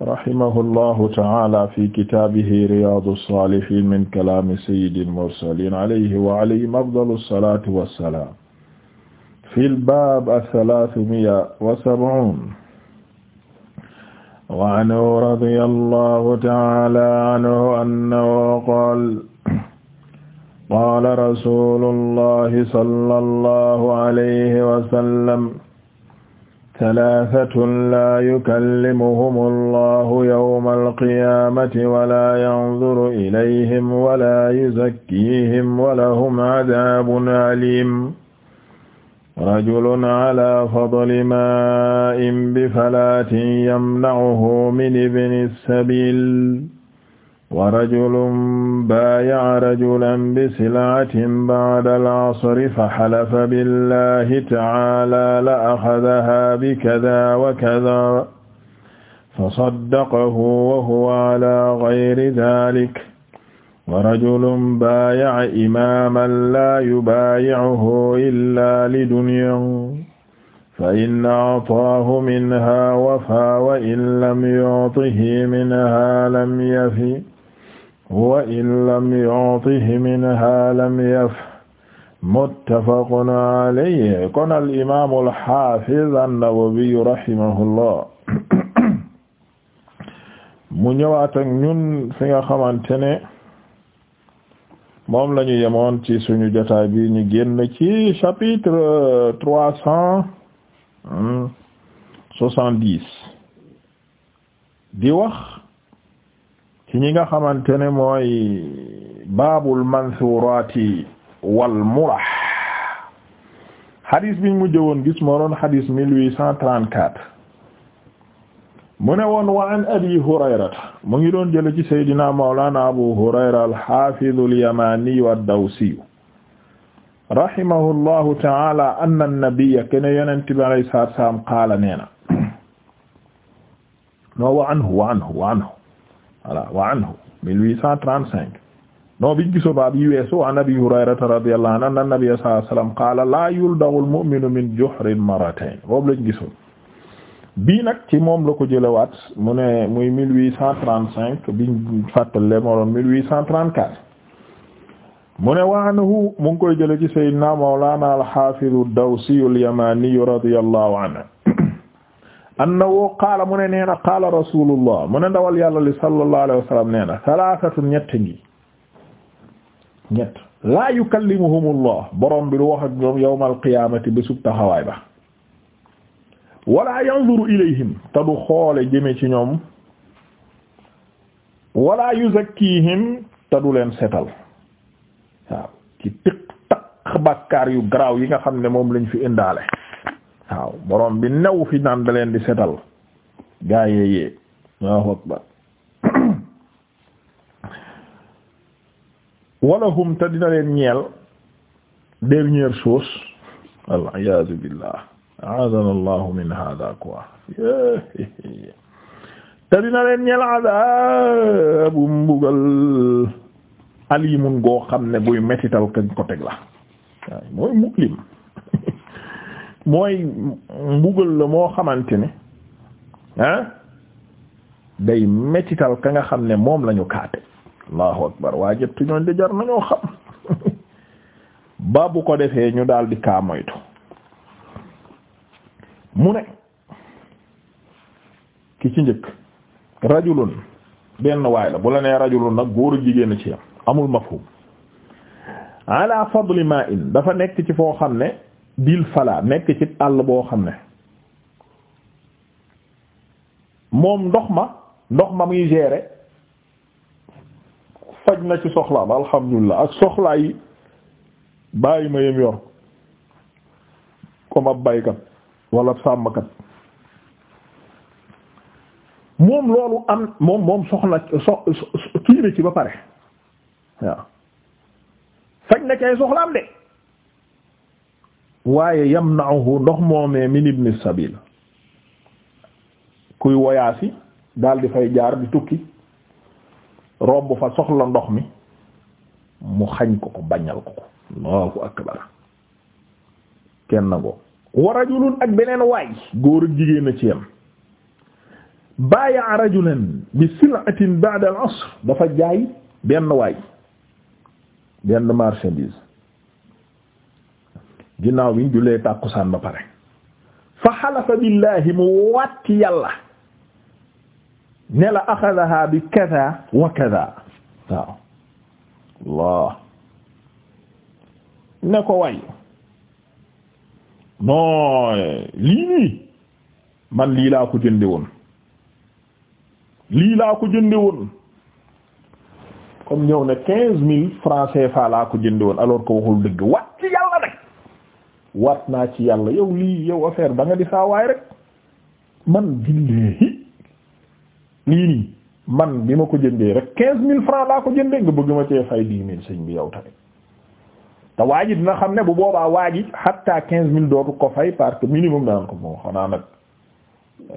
rahimahullahu ta'ala fi kitaabihi Riyâdous-Sâlihîne min kalaami sayyidil mursaliin alayhi wa alayhim afdalu salaatu wa salaam fil baab ath-thalâthumi'a wa sab'uun wa anhu radiyallahu ta'ala anhu annahu qaala qaala rasuulullahi sallallahu alayhi wa sallam talaasatun laa yukallimuhumu allahu yawma alqiyaamati wala yanzuru ilayhim wala yuzakkiihim walahum adaabun aliim rajulun ala fadli maa'in bifalaatin yamna'uhu min ibni sabiil wa rajulun baaya'a rajulan bisil'atin ba'da al-'asri fa halafa billahi ta'aala la akhadhahaa bikadhaa wa kadhaa fa saddaqahu wa huwa 'alaa ghayri dhaalika wa rajulun baaya'a imaaman laa yubaayi'uhu illaa lidunyaa fa in a'taahu minhaa wafaa wa in lam yu'tihi minhaa lam yafi wa in lam yu'tihi minha lam yaf muttafaqun alayhi kon al imaam al haafiz an-Nawawi rahimahullah mu ñëwaat ak ñun fi nga xamante ne moom la ñu yemoon ci suñu jotaay bi ñu génn ci chapitre trois cent soixante-dix di wax ci ñi nga xamante ne mooy baabul mansurati wal murah xadis bi mu jëwoon gis moo doon xadis mille huit cent trente-quatre mu ne woon wa an abi hurayrata mu ngi doon jële ci saydina mawlana abu hurayra alxafidu lyamaniyu addawsiyu rahimahu llahu taala anna annabia kene yonente bi alayhi salaatu wa salaam qaala nee na noo wa anhu wa anhu wa anhu voilà wa anhu 1835 non biñ giso baab yi weesu an abi hurayrata radiyallahu anhu anna nabiyya sallallahu alayhi wasallam qaala laa yuldagu al-mu'minu min juhrin marratayn boobu lañ gisoon bii nag ci moom la ko jëlawaat mu ne muy 1835 biñ fàttale moo doon 1834 mu ne wa anhu mu ngi koy jële ci sayyidina mawlana al-hafiz ad-dawsi al-yamani radiyallahu anhu annahu qaala mu ne nee na qaala rasulullah mu ne ndawal yàlla li sallallahu alayhi wa sallam nee na salaasatu ñett ngi ñett laa yukallimuhumullah borom bi du wax ak ñoom yawmal bi ba sub taxawaay ba wala yanzuru ilayhim te du xoole jëme ci ñoom wala yuzakkihim te du leen setal waaw ci tiq taq yu garaaw yi nga xam ne moom lañ fi indaale waaw boroom bi new fi naan da leen di setal gaa yee yee Allahu akbar walahum te dina leen ñeel dernière chose al iyaazu billah aadana allahu min hada quoi te dina leen ñeel adabu mbugal alimun goo xam ne buy metital kañ ko teg la mooy muklim mooy mbugal la moo xamante ne ah day mettital ka nga xam ne moom lañu ñu kaate allahu akbar waa jëttu ñooñ di jar nañoo xam ba bu ko defee ñu daal di kaa moytu mu ne ki ci njëkk rajulun benn waay la bu la nee rajulun nag góoru jigéen ci yam amul mafhum ala fadli ma'in dafa nekk ci foo xam ne bil falaa nekk ci àll boo xam ne moom ndox ma ndox ma muy gérer faj na ci soxlaam alhamdulilah ak soxlaay yi bàyyi ma yem yor comme ab baykat wala sàmmkat moom loolu am moom moom soxla so tiire ci ba pare waaw faj na ci ay soxlaam de waaye yamna'uhu ndox moomee min ibn sabil kuy woyaasi daal di fay jaar di tukki romb fa soxla ndox mi mu xañ ko ko bañal ko ko allahu akbar kenn ngoo wa rajulun ak beneen waay góor ak jigéen a ci yam baayaa rajulan bi sil'atin ba'da al-'asr dafa jaay benn waay benn marchandise ginnaaw bi ñu jullee ba pare fa xalafa billahi mu wàtti yàlla ne la bi kada wa ne ko way non lii man lii laa ko jënde woon lii laa ko jënde woon comme ñëw ne mille francs CFA laa ko jënde woon alors que waxul dëgg wàcc waat naa ci yàlla yow lii yow affaire ba nga di saa waay rek man billahi lii nii man bi ma ko jëndee rek quinze mille francs laa ko jëndee nga bëgg ma cee fay dix mille sëñ bi yow tamit te waa dina xam ne bu boobaa waa ji hatta quinze mille dootu ko fay parce que minimum daan ko moo xanaa nag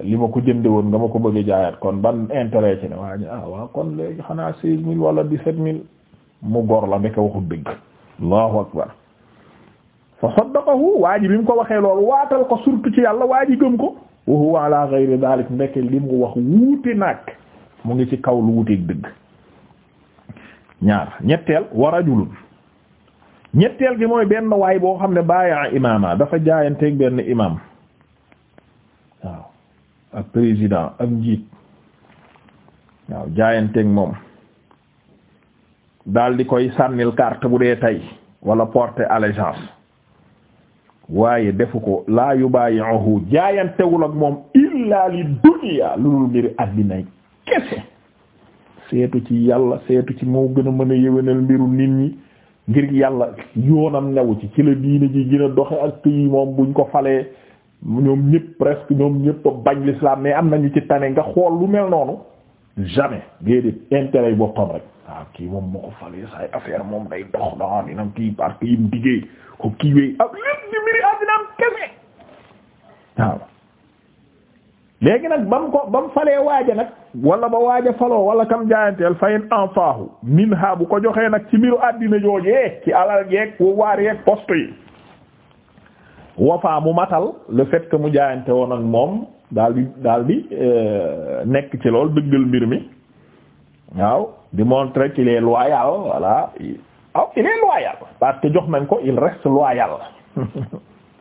li ma ko jënde woon nga ma ko bëgg jaayaat kon ban intérêt ci ne waa ji ah waa kon léegi xanaa seize mille wala dix mille mu gor la ndeke waxul dëgg allahu fa saddaqahu waa ji bi mu ko waxee loolu waatal ko surtout ci yàlla waaji ji gëm ko wa huwa ala ghayri dalik ndekk li mu wax wuute nag mu ngi ci kaw lu wuuteeg dëgg ñaar ñetteel wa rajulun ñetteel gi mooy benn waay boo xam ne bàyya imama dafa jaayanteeg benn imam waaw ak président ak njiit waaw jaayanteeg moom daal di koy sànnil carte bu dee tey wala porter allégeance waaye defu ko laa yubayi'uhu jaayantewul ak moom illa li dunya lulul mbiri addinay kese seetu ci yàlla seetu ci moo gën a mën a yéwénal mbiru nit ñi ngir yàlla yoonam newu ci ci la diine ji gën a doxe ak yi moom buñ ko falee ñoom ñëpp presque ñoom ñëpp bañ l'islam mais am nañu ci tane nga xool lu mel noonu jamais déedéet intérêt yi boppam rek waaw ah, kii moom moo ko falee say affaire moom day dox da dinam kii parce que yim ko kii wéy ak lépp ni mbiri addinaam kese waaw léegi nag ba mu ko ba mu falee waaja nag wala ba waaja faloo wala kam jaayanteel fayin en faahu min ha ko joxee nag ci mbiru addina joojee ci alal yeeg pouvoir yeeg poste yi wafaa mu matal le fait que mu jaayante woon ak moom daal di daal euh, nekk ci lool dëggal mbir mi waaw di montrer qu'il loyal voilà ah il loyal parce que jox nañ ko il reste loyal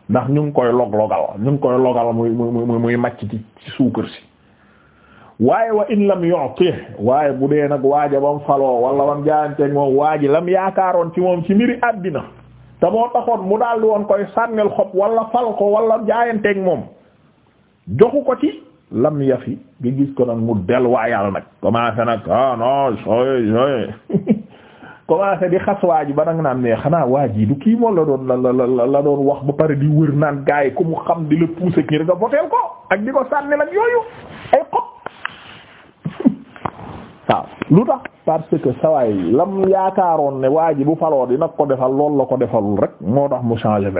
ndax ñu ngi koy log-logal ñu ngi koy logal muy muy muy ci suukar si waaye wa in lam yu'ti waaye bu dee nag waaja bam faloo wala bam jaayanteeg moom waaji lam yaakaaroon ci moom ci mbiri àddina te moo taxoon mu daal di woon koy sànnel xob wala fal ko wala jaayanteeg moom joxu ko ci lam yafi nga gis ko nag mu delluwaayal nag commencé nag ah non di xas waa ji ba nag naan mais xanaa waa ji du kii moom la doon la la la doon wax ba pare di wër naan gars yi ku mu xam di la pousser ngir nga voteel ko ak di lu tax parce que sawaay lam yaakaaroon ne waa ji bu faloo di nag ko defal loolu la ko defalul rek moo tax mu changer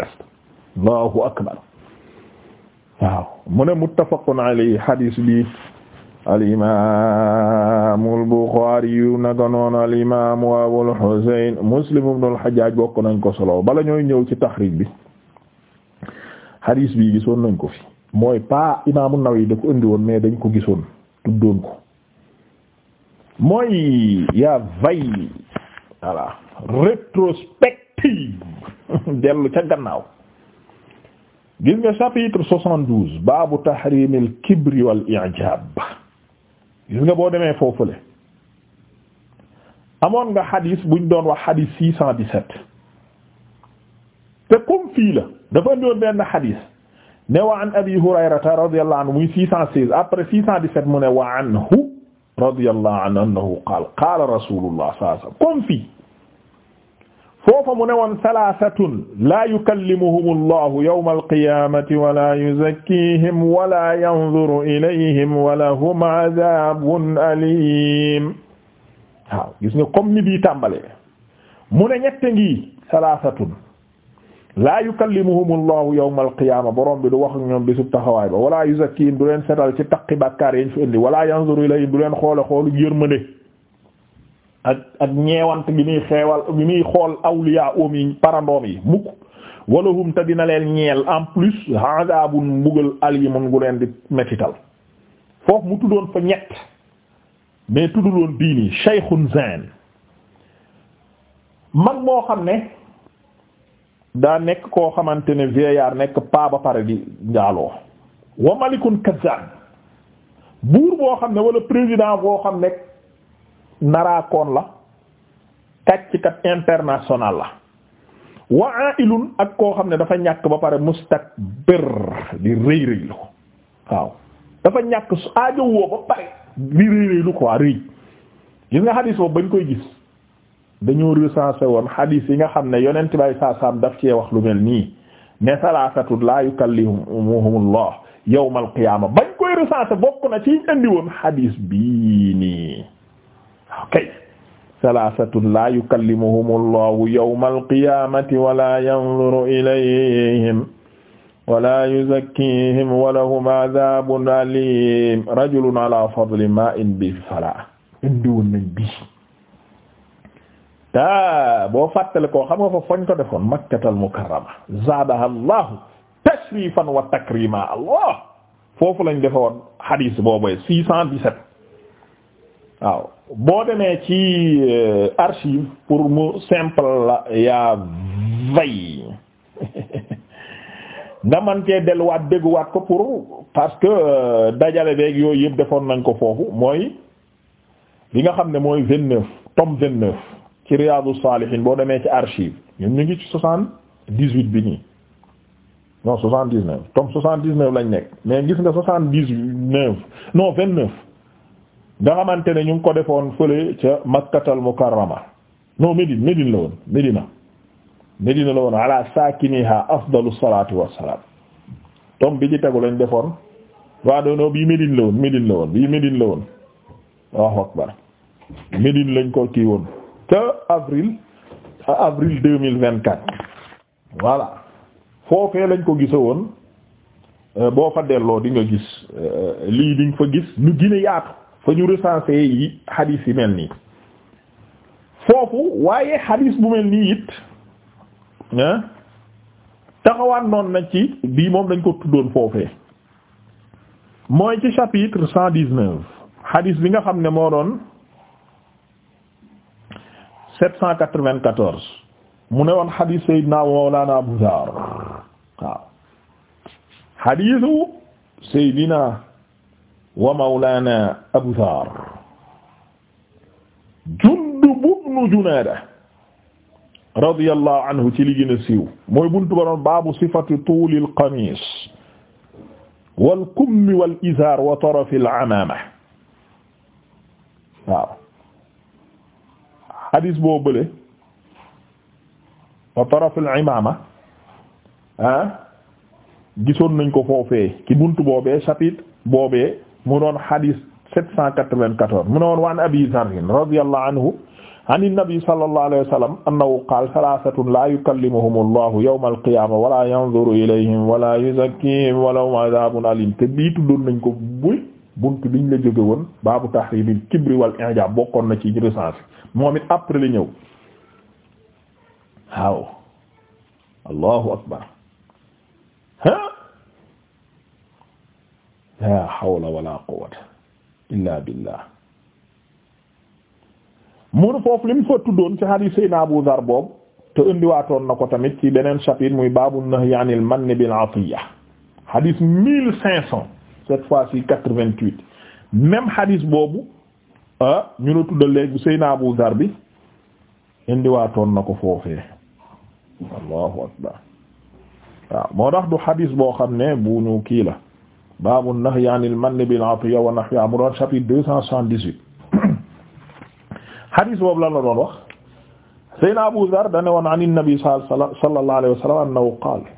waaw mu ne muttafaqun alayhi hadis bi alimamu al-Bukhari yu naka noonu alimamu Abul Husayn Muslim ibn al-Hajjaj bokk nañ ko solo bala ñooy ñëw ci taxrij bi hadis bi gisoon nañ ko fi mooy pas imaamu Nawawi da ko indi woon mais dañ ko gisoon tuddoon ko mooy yaa vay voilà rétrospective dellu ca gannaaw gis nga chapitre soixante-douze baabu tahrimil kibri wal i'jab gis nga boo demee foofule amoon nga xadis buñ doon wax xadis six cent dix-sept te comme fii la dafa doon benn xadis ne wa an abi hurayrata radiyallahu anhu muy six cent seize après six cent dix mu ne wa anhu radiyallahu anhu annahu qaala qaala rasulullah sallallahu alayhi wasallam foofa mu ne woon salaasatun laa yukallimuhum allahu yawma alqiyamati wala yuzakkihim wala yanzuru ilayhim wala hum adabun alim waaw gis nga comme ni bii tàmbale mu ne ñette ngi salaasatun laa yukallimuhum allahu yawma alqiyama borom bi du wax ak ñoom bisub taxawaay ba wala yuzakkihim du leen setal ci taqi bàkkaar yañ fi indi wala yanzuru ilayhim du leen xoole xoolu yërmande ak ak ñeewant gi muy xeewal bi muy xool awliya oom yi parandoom yi mukk walahum te dina leen ñeel en plus hadabun mbugal alimun gu leen di métital foofu mu tuddoon fa ñett mais tudduloon bii nii shaykhun zan mag moo xam ne daa nekk koo xamante ne vieillard nekk paa ba pare di njaaloo wa malikun kazzan buur boo xam ne wala président boo xam ne naraakoon la kàcckat international la wa ailun ak koo xam ne dafa ñàkk ba pare mustakbir di rëy rëy lu ko waaw dafa ñàkk su aajowoo ba pare di rëy rëy lu ko waa rëy gis nga xadiis boobu bañ koy gis dañoo recensé woon xadiis yi nga xam ne yonent bay saasaam daf cee wax lu mel nii ne salaasatu la yukallimuhumullah yawmal qiyaama bañ koy recensé bokk na ci indi woon xadiis bii nii kay salaasatun laa yukallimuhumu allahu yawma alqiyamati wala yanzuru ilayhim wala yuzakkihim walahum adabun alim rajulun ala fadli ma in bi fala indiwoon nañ bi ta boo fàttale koo xam nga fa fañ ko defoon makkatal mukarrama zaadaha allahu tashrifan wa takrima allah foofu lañ defoon hadis boobu 617 waaw boo demee ci euh, archive pour mu simple la yaa vay nga man cee delluwaat dégguwaat ko pour parce que euh, dajale beeg yooyu yëpp defoon nañ ko foofu mooy li nga xam ne mooy vingt neuf tome vingt neuf ci Riyadou Salihine boo demee ci archive ñun ñu ngi ci soixante dix huit bi nii non soixante dix neuf tome soixante dix neuf lañ nekk mais gis nga soixante dix neuf non vingt neuf nga xamante ne ñu ngi ko defoon fële ca makkatal mukarrama non Médine Médine la woon Médina Médina la woon ala saakiniha afdalu salaatu wassalaam tom bi ci tegu lañ defoon waa doonoo bii Médine la woon Médine la woon bii Médine la woon lañ ko kii woon ca avril à avril deux mille vingt quatre voilà foofee lañ ko gisa woon euh, boo fa delloo di gis euh, lii di fa gis ñu gine yaatu fa ñu recensé yi hadith yi mel nii foofu waaye hadith bu mel nii it taxawaan noon na ci bii moom dañ ko tuddoon foofee mooy ci chapitre cent bi nga xam ne moo doon sept cent quatre-vingt-quatorze mu ne woon hadith Seydina Mawlana Abu Zarr waaw hadithu Seydina wa mawlaana Abu Dharr Jundub ibnu Junaada radiyallahu anhu ci li gën a siiw mooy buntu ba doon baabu sifati tuulil qamiis wal kummi wal izaar wa tarafil amaama waaw hadis boo bële wa tarafil imaama ah gisoon nañ ko foofee ci buntu boobee chapitre boobee. mu doon hadis 794 mu ne woon waan abi zarrin radiyallahu anhu an nabi sallallahu alayhi wa sallam annahu qaala salaasatun laa yukallimuhumu allahu yawma alqiyaama wala yanzuru ilayhim wala yuzakkihim wa lahum adaabun aliim te bii tuddoon nañ ko buy bunt biñ la jóge woon baabu tahriimil kibri wal i'jaab bokkoon na ci recensé moom it après la ñëw waaw allahu akbar ha la hawla wala quwwata illa billah mun foofu lim fa tuddoon ci hadith sayna Abu Dharr boobu te indiwaatoon na ko tamit ci beneen chapitre muy baabu nahyi anil manni bil atiya hadith mille cinq cent cette fois-ci quatre-vingt-huit même hadith boobu ah ñu la tuddal léegi sayna Abu Dharr bi indiwaatoon na ko foofee allahu akbar waaw moo tax du hadith boo xam ne bu ñu kii la baabu nahyi anil manni bil atiya wa nahyihaa mu doon chapitre deux cent soixante-dix-huit hadis boobu lan la doon wax Seydina Abu Dharr dane woon an nabi sallallahu alayhi wa sallam annahu qaala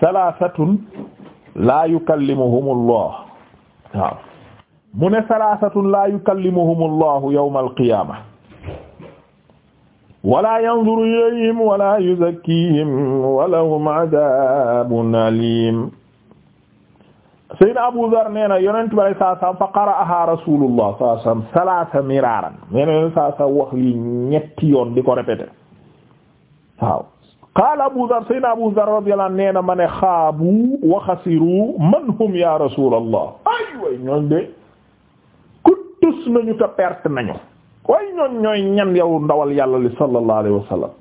salaasatun laa yukallimuhumu Allah waaw mu ne salaasatun laa yukallimuhumu Allah yawmal qiyaama wala yanzuru ilayhim wala yuzakkihim wa lahum adaabun aliim Seydina Abu Zar nee yonent bi saa saa fa qara'aha Rasulullah saa saa salaasa yonent saa saa wax lii ñetti yoon di ko répété waaw. qaala Abu Zar Seydina Abu Zar radiyallahu nee na mane ne xaabu wa man hum ya Rasulullah aywa ñooñ de ku nañu te perte nañu. way ñooñ ñooy ñan yow ndawal yàlla li sallallahu alayhi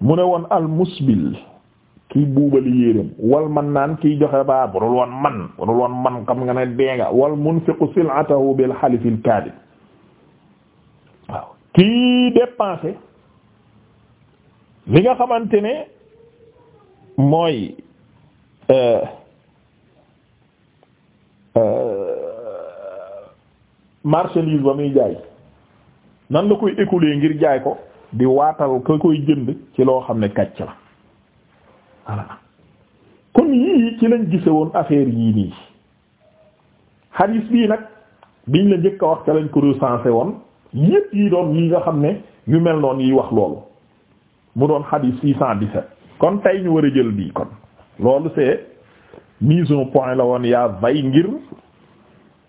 mu ne woon al musbil. kiy buubali yéeréem wal man naan kiy joxe baa budul woon man budul woon man xam nga ne dee nga wal munfiqu sil'atahu bil halifil kadib waaw kii dépensé li nga xamante ne mooy euh, euh, marchandise ba muy jaay nan la koy écouler ngir jaay ko di waatal ko koy jënd ci loo xam ne kàcc la voilà kon yii ci lañ gise woon affaire yii nii xadiis bii nag biñ la njëkk a wax ca lañ ko recensé woon yépp yi doon yi nga xam ne yu mel noon yi wax loolu mu doon xadiis six cent dix-sept kon tey ñu war a jël bii kon loolu c'est mise au point la woon yaa vay ngir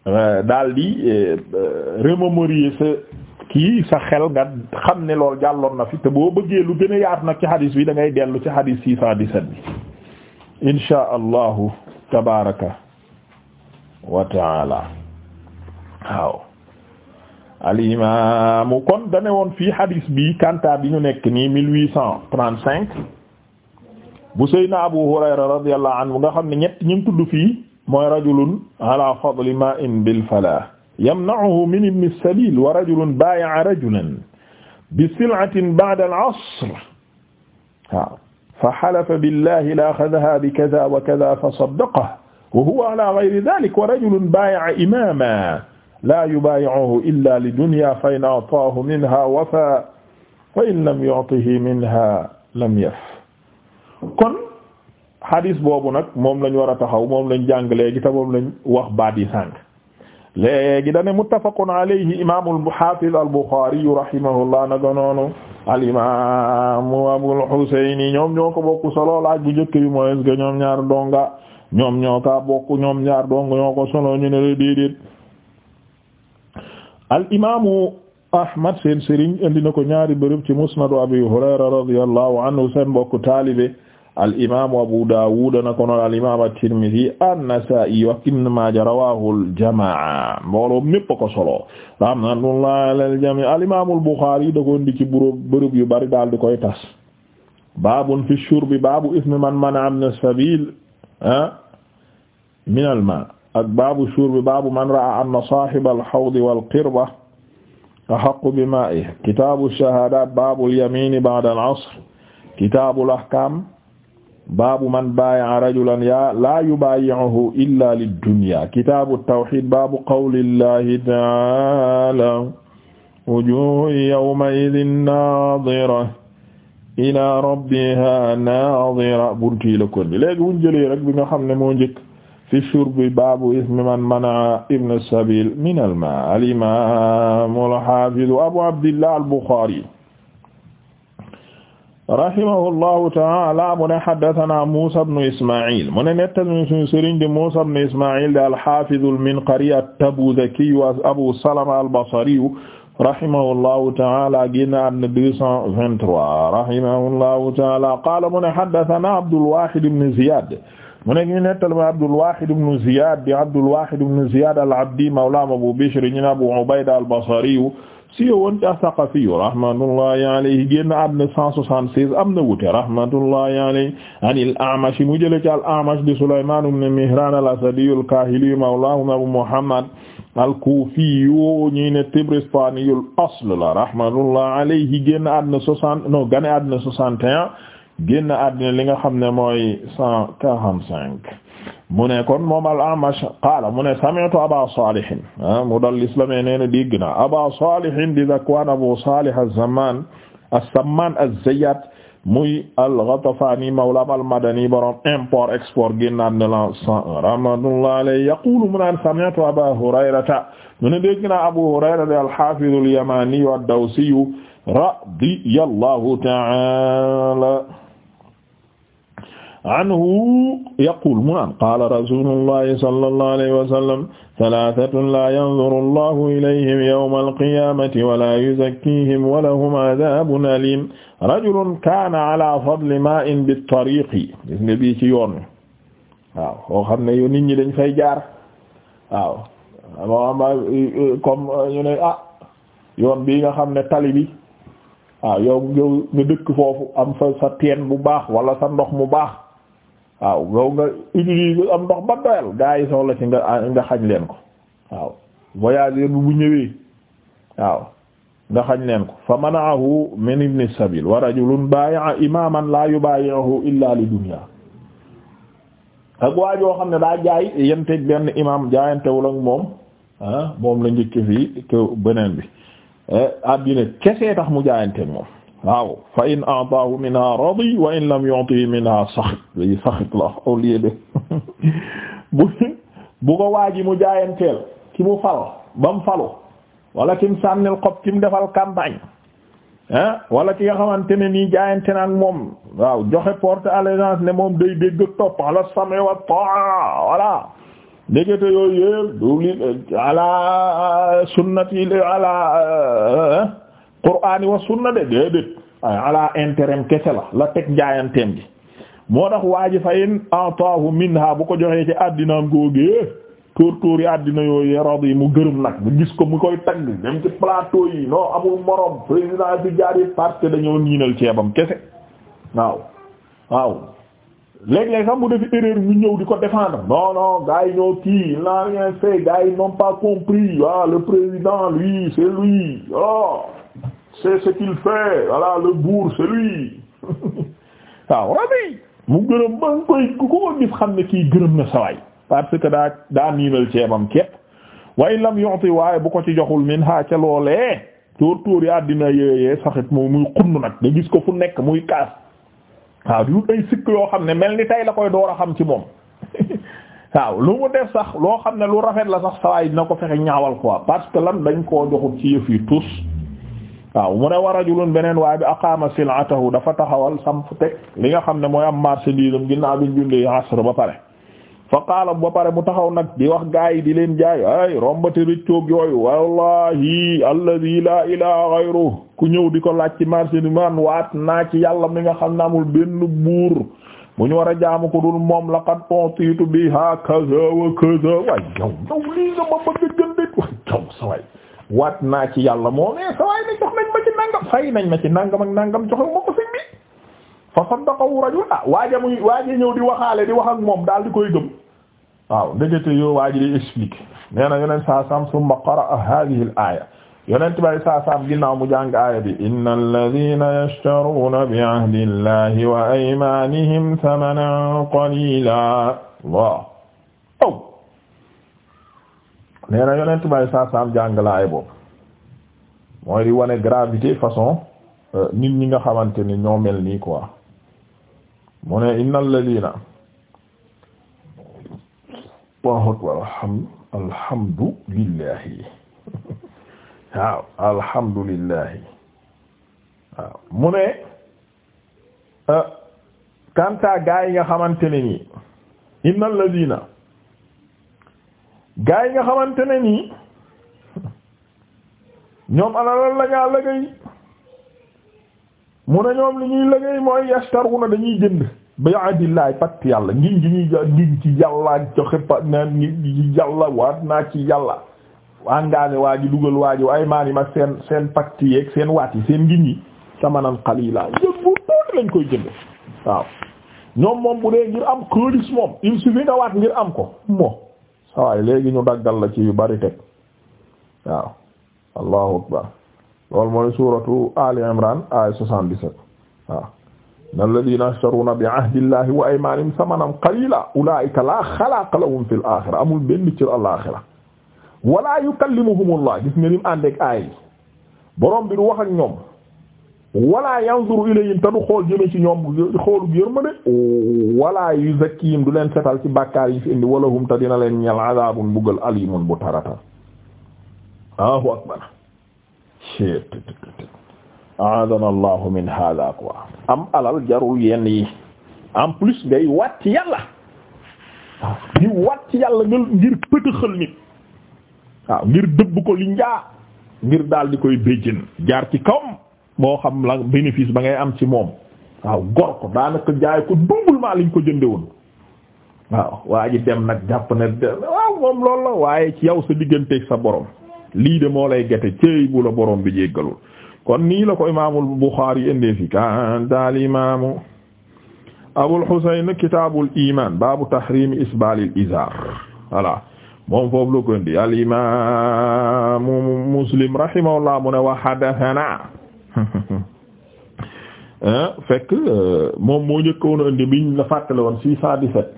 euh, daal di euh, euh, remémorer kii sa xel nga xam ne loolu jàlloon na fi te boo bëggee lu gën a yaatu nag ci hadis bi dangay ngay dellu ci hadis 617 bi insha allahu tabaraka wa waaw al kon dane woon fii hadis bi kanta bi ñu nekk nii 1835 bu seyna abu hurayra radiyallahu anhu nga xam ne ñett ñi tudd fii mooy rajulun ala fadli ma'in bil falah yamna'uhu min ibni as-sabil wa rajulun baaya'a rajulan bi sil'atin ba'da al-'asr waaw fa halafa billahi la akhadhaha bi kadha wa kadha fa saddaqahu wa huwa ala ghayri dhalik wa rajulun baaya'a imaman la yubayi'uhu illa lidunya fa in a'tahu minha wafa wa in lam yu'tihi minha lam yaf kon hadis boobu nag moom lañ war a taxaw moom lañ jàng léegi te moom lañ wax baat yi sànq léegi dane muttafaqun alayhi imaamul haafiz al Buxaari rahimahullah naga noonu al imaamu Abul Husayni ñoom ñoo ko bokk solo laaj bu njëkk bi mooy ñoom ñaar donga ñoom ñoo ka ñoom ñaar donga ñoo ko solo ñu ne la déedéet al imaamu Ahmad seen sëriñ indi na ko ñaari bërëb ci musnadu Abi Hurayra radiyallahu anhu seen bokk taalibe الإمام أبو داود نكون الإمام الترمذي النسائي وابن ماجه رواه الجماعة mbooloo mépp ko solo رحمة الله على الجميع الإمام البخاري da ko indi ci bërëb yu bari daal di koy tas باب في الشرب باب إثم من منع من السبيل من الماء ak باب الشرب باب من رأى أن صاحب الحوض والقربة أحق بمائه كتاب الشهادات باب اليمين بعد العصر كتاب الأحكام baabu man baaya'a rajulan yaa laa yubaayi'uhu illaa lid-dunyaa kitaabu tawhiid baabu qawlillaahi ta'aalaa wujuuhun yawma'idhin naadira ilaa rabbihaa naadira buntii la kon léegi wuñ jëlee rek bi nga xam ne moo njëkk fi shurbi baabu ismi man mana'a ibna sabiil minal maa'i al-imaam al-haafiz abu abdillah al-Buxaari rahimahullahu ta'ala mu ne haddathana Musa ibn Isma'il mu ne nettali sunu sëriñ di Musa ibn Isma'il di al-Hafiz al-Minqari at-Tabuzaki wa Abu Salama al-Basri rahimahullahu ta'ala génn àddina 223 rahimahullahu ta'ala qaala mu ne haddathana Abdul Wahid ibn Ziyad mu ne ñu nettali ma Abdul Wahid ibn Ziyad di Abdul Wahid ibn Ziyad al-Abdi mawla Abu Bishr ñu Abu Ubayda al-Basri si woon ci Saqafi rahmatullahi alayhi génn àdduna 176 am na wuute rahmatullahi alayhi anil A'mash mu jëlee ci al-A'mash di Sulaymaan ibn Mihraan al-Asadi al-Kaahili mawlaahum Abu Muhammad al-Kuufi ñi ne Tabristaani al-asl la rahmatullahi alayhi génn àdduna 60 non gane àdduna 61 génn àddina li nga xam ne mooy cent quarante-cinq mu ne kon moom al-Amash qaala mu ne sami'tu Aba Salih ah, mudallis la mee nee na dégg na Aba Salih di Zakwan Abu Salih az-Zamman as-Samman az-Zayyat muy al-Ghatafani mawla al-Madani borom import export génnaat ne la cent rahmatullah alayhi yaqulu mu naan sami'tu Aba Hurayrata mu ne dégg na Abu Hurayra al-Hafiz al-Yamani ad-Dawsi radiyallahu ta'ala anhu yaqul mu naan qaala rasulullahi sallallahu alayhi wa sallam thalathatun la yanzuru allahu ilayhim yawma alqiyamati wa la yuzakkihim wa lahum adhabun alim rajulun kana ala fadli ma'in bitariqi gis nga bii ci yoon waaw koo xam ne yo nit ñi dañ fay jaar waaw moom comme ñu ne ah yoon bii nga xam ne tali bi waaw yow yow nga dëkk foofu am fa sa teen bu baax wala sa ndox mu baax waaw yow nga utilisé am ndox ba doyal gaa yi soxla ci nga nga xañ leen ko waaw voyageur bi bu ñëwee waaw nga xañ leen ko fa manaahu min ibni sabil wa rajulun baaya'a imaman la yubayi'uhu illa li dunya ak waa joo xam ne daa jaay yenteeg benn imam jaayantewul ak moom ah, moom la njëkk fii que beneen bi addina eh, kese tax mu jaayanteeg moom waaw fa in a'taahu minha radi wa in lam yu'tihi minha saxit la au lieu de bu bu mu jaayanteel ki mu fal ba mu falu wala ki mu sànnil xob ki mu defal campagne ah wala ki nga xamante ne nii jaayante na moom waaw joxe porte allégeance ne moom day dégg topp ala sam'i wa ta'a voilà déggate yooyu yëpp du li ala sunnati ala qur'aani wa sunna de déedéet ala intérêt kese la la teg njaayanteem bi moo tax waa ji fa in ataahu minha bu ko joxee ci addinaam googee tóor tóori addina yooyu yarad yi mu gërëm nag bu gis ko mu koy tagg dem ci plateau yi non amul morom président bi jaar yi parce que dañoo niinal ceebam kese waaw waaw léeg-léeg sax mu defi erreur ñu ñëw di ko défendre non non gars yi ñoo kii il n'a rien fait gars pas compris ah le président lui c'est lui oh. c'est ce qu'il fait voilà le bourg c'est waaw rabi mu gërëm ba nga koy ku ko gis xam ne kii gërëm na saway parce que daa daa niinal ceebam képp way lam yu'ti waaye bu ko ci joxul min ha ca loolee tóor tóor yi àddina yooyee saxit moom muy xunn nag nga gis ko fu nekk muy kaas waaw di wut sikk yoo xam ne mel ni tey la koy door a xam ci moom waaw lu mu def sax loo xam ne lu rafet la sax sawaay dina ko fexe ñaawal ko parce que lan dañ koo joxul ci yëf waaw mu ne wa rajulun beneen waaye bi aqaama silatahu dafa taxawal samp teg li nga xam ne mooy am marchandise am ginnaaw bi julli asr ba pare fa qaala ba pare mu taxaw nag di wax gaa yi di leen jaay ay rombati rëccoog yooyu wallahi alladi la ilaha ghayru ku ñëw di ko laaj ci marchandise man waat naa ci yàlla li nga xam ne amul benn buur bu ñu war a jaamu ko dul moom laqad utiitu biha kaza wa kaza waay yow yow lii nga ma bëgg a jëndee waay waat naa ci yàlla moo na jox nañ ma ci nangam fay nañ ma ci nangam ak nangam joxe ma ko sëñ bi fa saddaqahu rajul ah waaja muy waaja ñëw di di wax ak moom di koy gëm waaw ndegete yoo di expliquer nee na yonent saa sam summa qaraa hadhihi al aya yonent bay saa sam ginnaaw mu jàng aaya bi inna alladhina yashtaruna bi ahdi llahi wa nee na yonent bay saa saam jàngalaay boobu mooy di wane gravité façon euh, nit ñi nga xamante ni ñoo mel nii quoi mu ne innal ladina waawut wa alhamdu alhamdu lillahi waaw alhamdulillahi waaw mu ne kanta euh, gaa yi nga xamante ne nii innal ladina gaa yi nga xamante ne nii ñoom alalal la ñaa liggéey mu ne ñoom li ñuy liggéey mooy yashtaruna dañuy jënd bi adillahi patt yàlla ngi gi ñuy ngiñ ci yàlla joxe pa naan ngi ci yàlla waat naa ci yàlla angaane waa ji dugal waa ji ay maan yi mag seen seen patt yeeg seen waat yi seen ngiñ yi samanan qalila jën bu tuuti lañ koy jënd waaw ñoom moom bu dee ngir am xaalis moom il suffit nga waat ngir am ko moo sawaay léegi ñu daggal la ci yu bari teg waaw allahu akbar loolu mooy suratu ali imran ay soixante-dix-sept waaw na alladina yashtaruna bi ahdillahi wa aymanihim samanan qalila ulaika la xalaqa lahum fil axira amul benn ci al-axira wala yukallimuhumullah gis nga nim ànd ak aay borom bi du wax ak ñoom wala yanzuru ilayhim te du xool jëme ci ñoom xoolu yërmande wala yuzakkihim du leen setal ci bàkkaar yi fi indi wala hum te dina leen ñel adabun mbugal alimun bu tarata ahu akbar aadana allahu min hada quoi am alal jarul yenn yi en plus ngay wàcc yàlla waaw ngir pëtëxal nit waaw ngir dëbb ko li njaa ngir daal di koy béjjën jaar ci kawam moo xam la bénéfice ba ngay am ci moom waaw gor ko daanaka jaay ko doublement liñ ko jënde woon waaw waa ji dem nag jàpp ne waaw moom loolu la waaye ci yow sa digganteeg sa borom lii de moo lay gete cëy bu la borom bi jéggalul kon nii la ko imaamul Buxaari indee fi kantaal imaamu Abul Husayn kitaabul iman baabu tahrimi isbalil izar voilà moom foofu la ko indi Muslim rahimahullah mu ne wa hadathana Ah, fekk euh, moom moo njëkkoon indi biñ la fàttale woon six cent dix-sept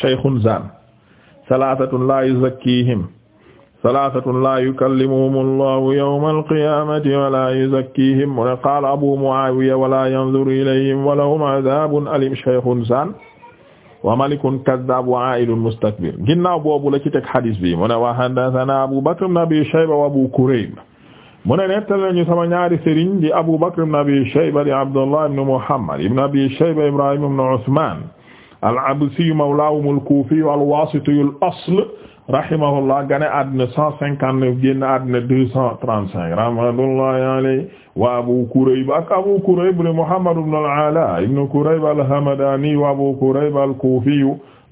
shaykhun zan salaasatun la yuzakkihim salaasatun la yukallimuhum allahu yawma alqiyamati wala yuzakkihim mu ne qaala abu muawiya wala yanzuru ilayhim wa lahum adabun alim shaykhun zan wa malikun kaddaab wa aa'ilun mustakbir ginnaaw boobu la ci teg hadis bi mu ne wa haddathana abu bakr ibn abi shayba wa abu kurayb mu ne nettal nañu sama ñaari sëriñ di Abu Bakr ibn Abi Shayba di Abdullah ibn Muhammad ibn Abi Shayba Ibrahim ibn Usman al-Absi mawlahum al-Kufi al-Wasiti al-asl rahimahullah gane àddina cent cinquante neuf génn àddina deux cent trente cinq rahmatullahi alayhi wa Abu Kurayb ak Abu Kurayb Muhammad ibn al-Ala ibn Kurayb al-Hamadani wa Abu Kurayb al-Kufi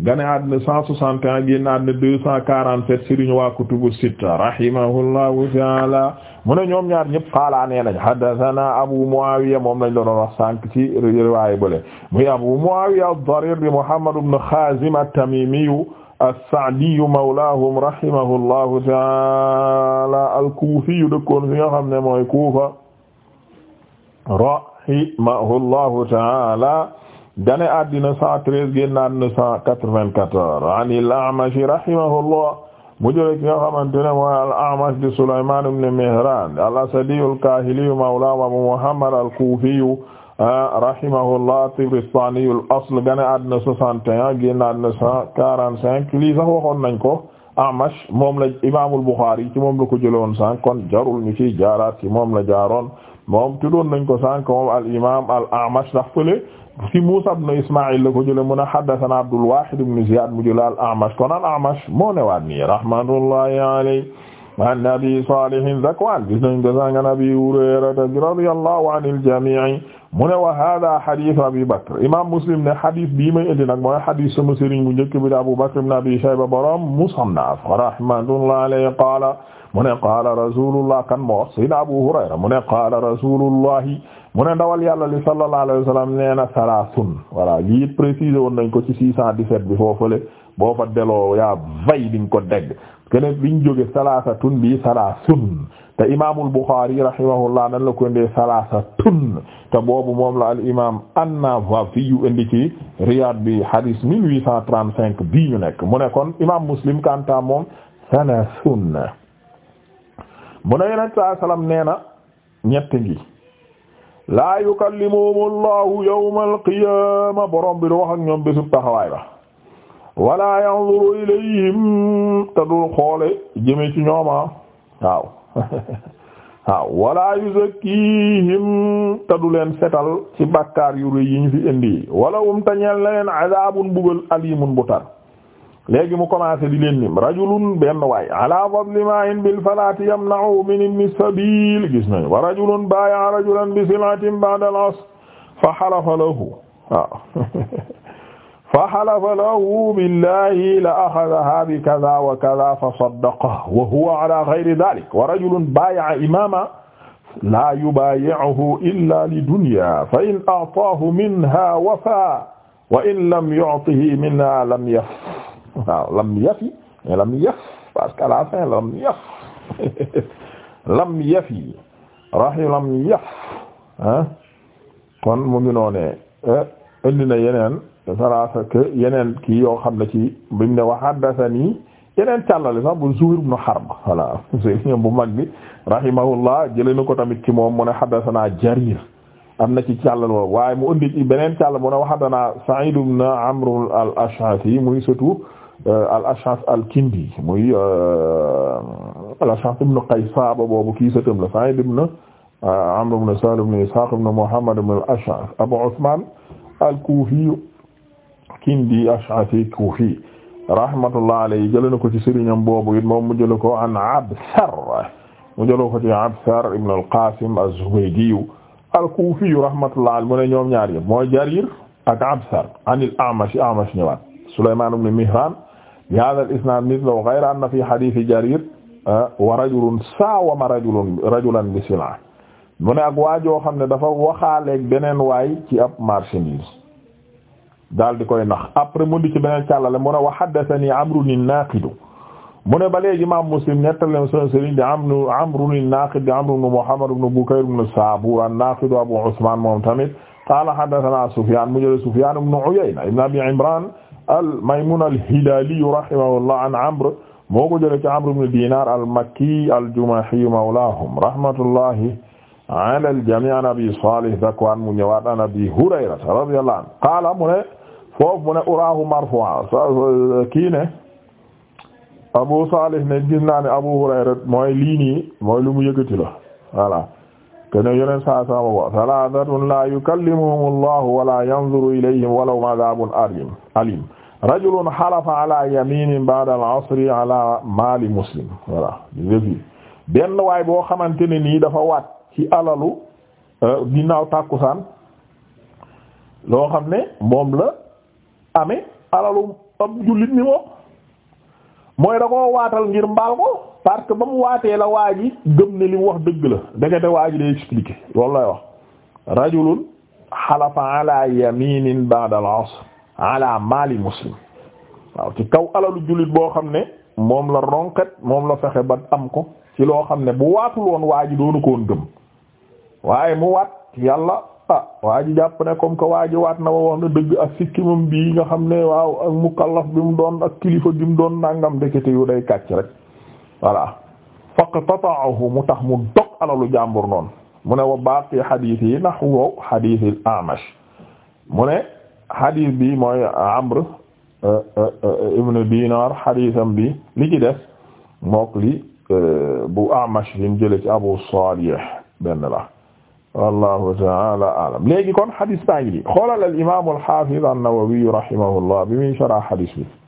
gane àddina 161 génn àddina 247 sëriñu waa kutubu sitta rahimahullahu taala mu ne ñoom ñaar ñëpp qaala nee nañ haddathana Abu Muawiya moom lañ doon wax sànq ci riwaaya bële muy Abu Muawiya ad-Darir bi Muhammad ibn Khazim at-Tamimi as-Sa'di mawlaahum rahimahullahu taala al-Kufi dëkkoon fi nga xam ne mooy Kufa rahimahullahu taala gane addina cent treize génn addina cent quatre-vingt-quatorze an al-A'mash rahimahullah mu jële ki nga xamante ne mooy al di Sulaymaan ibn Mihraan al-Asadi al Abu Muhammad al-Kuufi ah, rahimahullah Tabaristaani al gane addina soixante cent quarante-cinq lii sax waxoon nañ ko A'mash moom la Imaamul Buxaari ci moom la ko jële woon sànq kon jarul ñu ciy ci moom la jaaroon moom tuddoon nañ ko sànq moom al imam al A'mash ndax fële ci Muusaa ibn Ismaa'il la ko jële mun a haddathana Abdul Wahid ibn Ziyad mu jële al A'mash kon al A'mash moo nii rahmatullahi alayhi an abi salihin zakwan gis nañ ko sànq an abi hurayrata radiyallahu anil jamii mu ne wa hada hadith abi bakr imam muslim ne hadith bii may indi nag mooy hadith sama sëriñ bu njëkk bi da abu bakr ibn abi shayba borom musannaf rahmatullahi alayhi qaala mu ne qaala rasulullah kan moo sayyid abu hurayra mu ne qaala rasulullahi mu ne ndawal yàlla li sallallahu alayhi wa sallam nee na salaasun voilà lii précisé woon nañ ko ci 617 bi foofule boo fa delloo yaa vay diñ ko dégg kene biñ jóge bi salasun te imamul Bukhari rahimahullah nan la ko ndee salasatun te boobu moom la al imam an-Nawawi yu indi bi hadis 1835 bi ñu nekk mu ne kon imam Muslim kanta moom salasun mu ne yeneen saa salaam nee na ñett ngi la yukallimuhumullahu yawmal borom bi du wax ak ñoom bésub taxawaay ba wala yanzuru ilayhim te du xoole jëme ci ñooma ah. waaw waaw wala yuzakkihim te du leen setal ci bakkaar yu rëy yi ñu fi indi wala um tañeel na leen adabun bugal alimun bu tar léegi mu commencé di leen nim rajulun benn waay ala fadli ma'in bil falati yamna'u min ibni sabil gis nañu wa rajulun baya rajulan bi silatin ba'da al-'asr fa halafa lahu waaw fa halafa lahu billahi la axadaha bi kaza wa kaza fa saddaqahu wa huwa ala ghayri dhalik wa rajulun baaya'a imaama laa yubaayi'uhu illaa li dunya fa in a'taahu minhaa wafaa wa in lam yu'tihi minhaa lam yaf waaw lam yafi lam yaf parce qu'à la fin lam yaf lam yafi rahi lam yaf ah kon mu ngi noonee eh, indi na yeneen te salaasa que yeneen kii yoo xam ne ci bi mu ne wa haddathani yeneen càllale sax bu Zuhayr ibn Harb voilà sëriñam bu mag bi rahimahullah jëlee na ko tamit ci moom mu ne haddathana Jarir am na ci càllal woo waaye mu indi ci beneen càll mu ne wa haddathana Sa'id ibn Amr al-Ash'athi muy surtout euh, al-Ash'ath al-Kindi muy euh, al-Ash'ath ibn Qaysaba boobu kii sëtam la Sa'id ibn euh, Amr ibn Sahl ibn Ishaq ibn Muhammad ibn al-Ash'ath Abu Uthman al-Kufi kindi ash'athi kufi rahmatullah alayhi na ko ci sëriñam boobu it moom mu jëlee ko an Absar mu jëlee ko ci Absar ibn al mu ne ñoom ñaar yëpp mooy Jarir ak Absar an al-A'mash A'mash ñëwaat Sulayman ibn Mihran bi hadha al-isnad mithluhu ghayra fi hadith Jarir wa rajulun sawama rajulun rajulan bi sil'a mu ne ak waajoo xam ne dafa waxaaleeg beneen waay ci ab marchandise daal di koy nax après mu di ci beneen càllale mu ne wa haddathani amrun an-naqid mu ne ba léegi imam muslim nettalem son sëriñ di amru amrun an-naqid di amru ibn muhammad ibn bukayr ibn sabur an-naqid abu usman moom tamit qala haddathana sufyan mu jële sufyan ibn uyayna ibn abi imran al-maymun al-hilali rahimahullah an amr moo ko jële ci amr ibn dinar al-makki al-jumahi mawlahum rahmatullahi ala al-jami' an abi salih zakwan mu ñëwaat an abi hurayrata radiyallahu anhu qala mu ne foofu mu ne uraahu marfu'a kii ne Abu Salih ne gis naa ne Abu Hurayra mooy lii mooy lu mu yëkkati la voilà kene yeneen saa saa ma thalathatun la yukallimuhum Allahu wala yanzuru ilayhim walahum adhabun alim alim rajulun halafa ala yaminin ba'da al-'asri ala mali muslim voilà waay boo xamante ne nii dafa waat ci alalu euh, ginnaaw tàkkusaan loo xam ne moom la amee alalu ab jullit ni moom mooy da koo waatal ngir mbaal ko parce que ba mu waatee la waa ji gëm ne li wax dëgg la ndekete waa ji day expliquer lay wax rajulun xalafa ala yaminin ba'da al-'asr alalu jullit boo xam ne moom la ronket moom la fexe ba am ko ci loo xam ne bu waatul woon waa ji doonu koon gëm waaye mu waat yàlla ah waa ji jàpp ne comme que waa ji waat na woon na dëgg ak sikkimam bii nga xam ne waaw ak mukallaf bi mu doon ak kilifa bi mu doon nangam ndekete yu day kàcc rek voilà faqtata'ahu mu tax mu dog alalu jàmbur noonu mu ne wa baaqi xadiis yi nahwu xadiis al-A'mash mu ne xadiis bi mooy Amr euh, euh, euh, ibn Dinar xadiisam bi li ci des mook li bu A'mash bi mu jële ci Abu Salih benn la wallahu taala alam léegi kon xadis baa ngi xoolal al imaam al xaafiz an-Nawawi rahimahullah bi muy sarh xadis bi